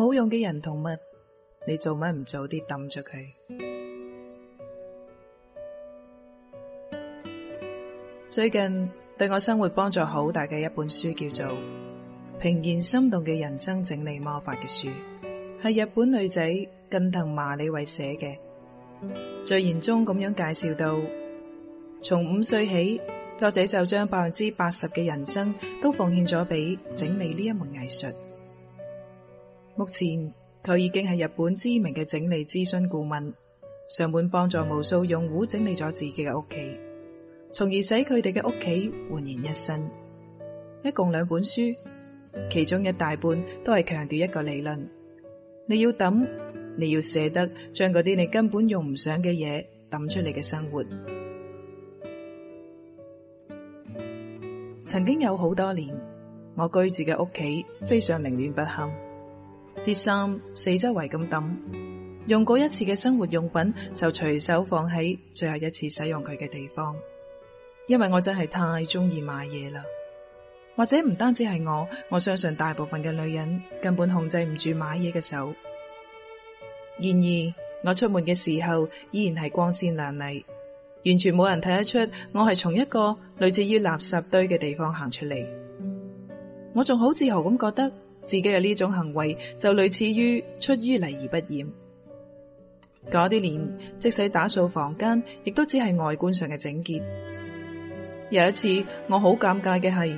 冇用嘅人同物，你做乜唔早啲抌咗佢？最近對我生活幫助好大嘅一本書，叫做《平然心動嘅人生整理魔法》嘅書，係日本女仔近藤麻里惠寫嘅。序言中咁樣介紹到，從五歲起，作者就將百分之八十嘅人生都奉獻咗俾整理呢一門藝術。目前佢已經係日本知名嘅整理諮詢顧問，上門幫助無數用戶整理咗自己嘅屋企，從而使佢哋嘅屋企煥然一新。一共兩本書，其中一大半都係強調一個理論：你要抌，你要捨得將嗰啲你根本用唔上嘅嘢抌出嚟嘅生活。曾經有好多年，我居住嘅屋企非常凌亂不堪。跌衫，四周圍咁抌，用過一次嘅生活用品，就隨手放喺最後一次使用佢嘅地方。因為我真係太中意買嘢啦，或者唔單止係我，我相信大部分嘅女人根本控制唔住買嘢嘅手。然而我出門嘅時候依然係光鮮亮麗，完全冇人睇得出我係從一個類似於垃圾堆嘅地方行出嚟。我仲好自豪咁覺得。自己嘅呢種行為就類似於出淤泥而不染。嗰啲年，即使打掃房間，亦都只係外觀上嘅整潔。有一次，我好尷尬嘅係，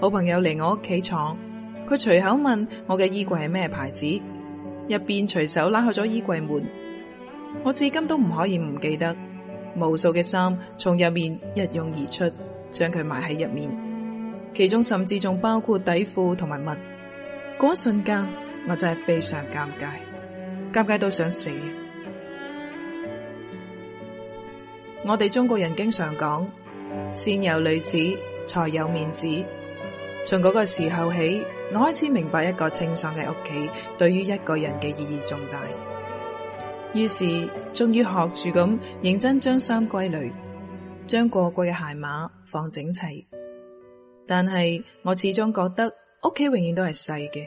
好朋友嚟我屋企坐，佢隨口問我嘅衣櫃係咩牌子，入邊隨手拉開咗衣櫃門，我至今都唔可以唔記得，無數嘅衫從入面一湧而出，將佢埋喺入面，其中甚至仲包括底褲同埋襪。嗰瞬間，我真係非常尷尬，尷尬到想死。我哋中國人經常講，先有女子才有面子。從嗰個時候起，我開始明白一個清爽嘅屋企對於一個人嘅意義重大。於是，終於學住咁認真將衫歸類，將過季嘅鞋碼放整齊。但係，我始終覺得。屋企永遠都係細嘅，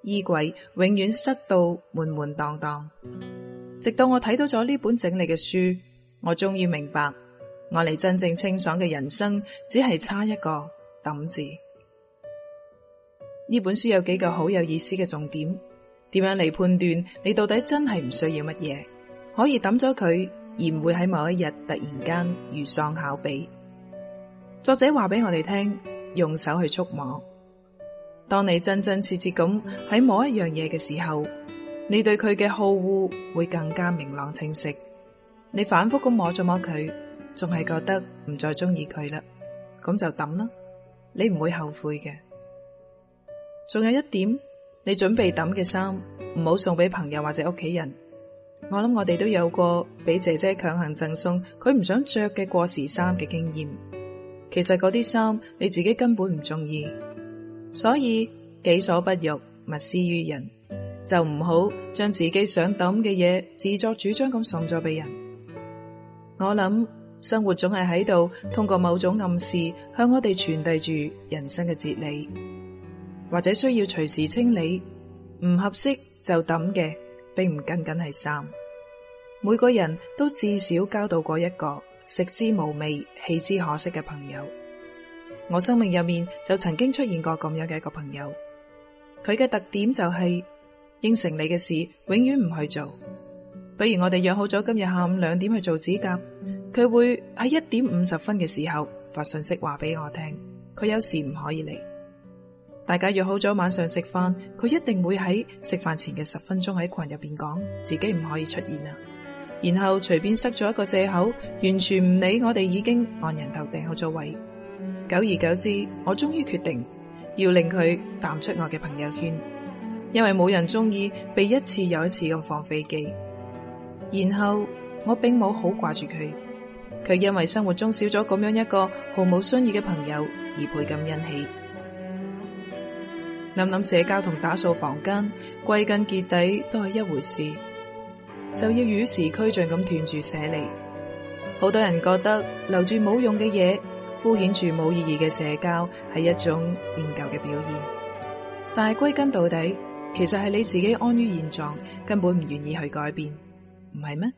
衣櫃永遠塞到滿滿當當。直到我睇到咗呢本整理嘅書，我終於明白，我哋真正清爽嘅人生，只係差一個抌字。呢本書有幾個好有意思嘅重點，點樣嚟判斷你到底真係唔需要乜嘢，可以抌咗佢，而唔會喺某一日突然間如喪考妣。作者話俾我哋聽，用手去觸摸。當你真真切切咁喺某一樣嘢嘅時候，你對佢嘅好惡會更加明朗清晰。你反覆咁摸咗摸佢，仲係覺得唔再中意佢啦，咁就抌啦，你唔會後悔嘅。仲有一點，你準備抌嘅衫唔好送俾朋友或者屋企人。我諗我哋都有過俾姐姐強行贈送佢唔想着嘅過時衫嘅經驗。其實嗰啲衫你自己根本唔中意。所以，己所不欲，勿施於人，就唔好將自己想抌嘅嘢自作主張咁送咗俾人。我諗生活總係喺度通過某種暗示向我哋傳遞住人生嘅哲理，或者需要隨時清理唔合適就抌嘅，並唔僅僅係衫。每個人都至少交到過一個食之無味、棄之可惜嘅朋友。我生命入面就曾經出現過咁樣嘅一個朋友，佢嘅特點就係應承你嘅事永遠唔去做。比如我哋約好咗今日下午兩點去做指甲，佢會喺一點五十分嘅時候發信息話俾我聽，佢有時唔可以嚟。大家約好咗晚上食飯，佢一定會喺食飯前嘅十分鐘喺群入邊講自己唔可以出現啊，然後隨便塞咗一個借口，完全唔理我哋已經按人頭訂好咗位。久而久之，我終於決定要令佢淡出我嘅朋友圈，因為冇人鍾意被一次又一次咁放飛機。然後我並冇好掛住佢，佢因為生活中少咗咁樣一個毫無信義嘅朋友而倍感欣喜。諗諗社交同打掃房間，歸根結底都係一回事，就要與時俱進咁斷住捨離。好多人覺得留住冇用嘅嘢，敷衍住冇意義嘅社交係一種念舊嘅表現，但係歸根到底，其實係你自己安於現狀，根本唔願意去改變，唔係咩？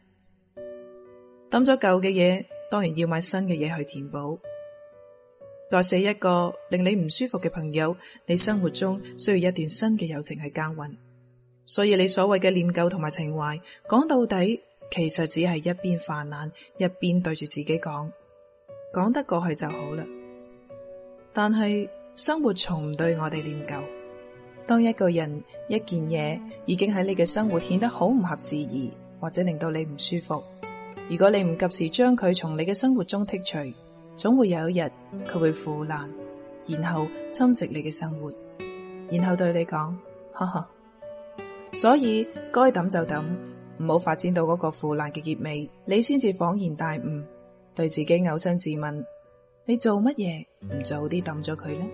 抌咗舊嘅嘢，當然要買新嘅嘢去填補。割捨一個令你唔舒服嘅朋友，你生活中需要一段新嘅友情去耕耘。所以你所謂嘅念舊同埋情懷，講到底，其實只係一邊泛濫，一邊對住自己講。講得過去就好啦，但係生活從唔對我哋念舊。當一個人一件嘢，已經喺你嘅生活顯得好唔合時宜，或者令到你唔舒服，如果你唔及時將佢從你嘅生活中剔除，總會有一日佢會腐爛，然後侵蝕你嘅生活，然後對你講：呵呵。所以該掟，就掟，唔好發展到嗰個腐爛嘅結尾，你先至恍然大悟。對自己嘔心自問，你做乜嘢唔早啲抌咗佢呢？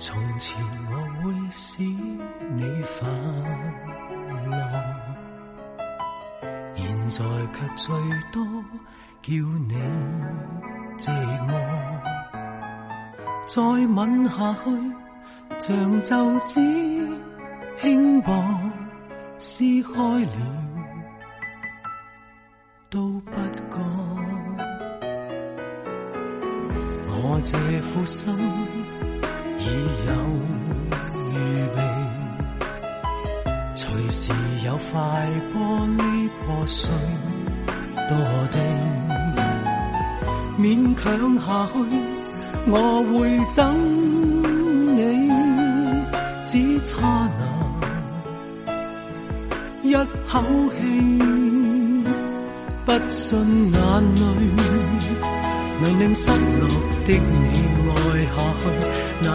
從前我會使你快樂，現在卻最多叫你寂寞。再吻下去，像皺紙輕薄，撕開了都不幹。我這苦心。已有預備，隨時有塊玻璃破碎，多的勉強下去，我會憎你，只差那一口氣，不信眼淚能令失落的你愛下。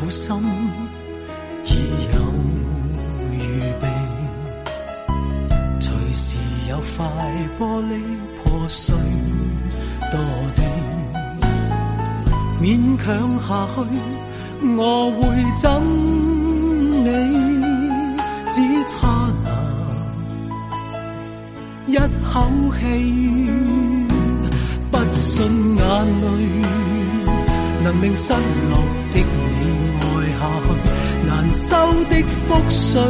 苦心已有預備，隨時有塊玻璃破碎墮地。勉強下去，我會憎你，只差那一口氣，不信眼淚，能令失落的你。下去，難收的覆水，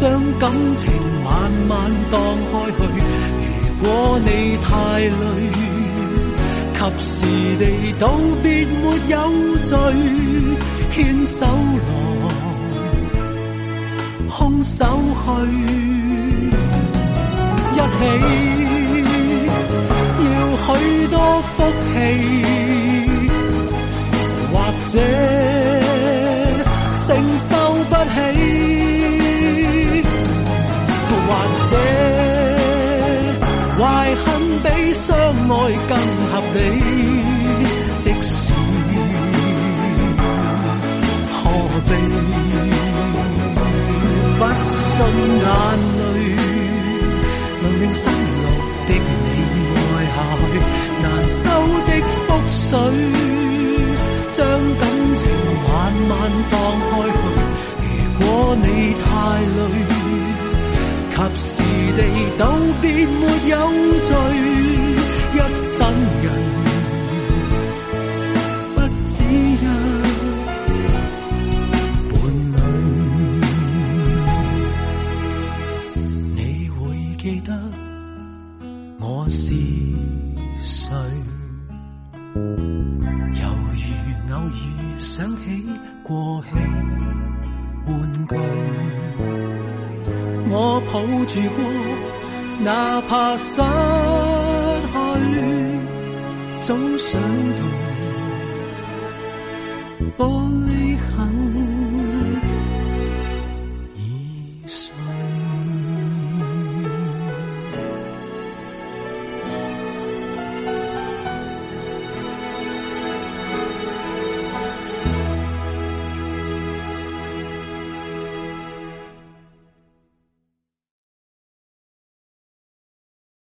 將感情慢慢蕩開去。如果你太累，及時地道別沒有罪，牽手來，空手去，一起要許多福氣。你即使何必不信眼淚能令失落的你愛下去，難收的覆水，將感情慢慢放開去。如果你太累，及時地道別沒有罪。早已想起過氣玩具，我抱住過，哪怕失去，總想到。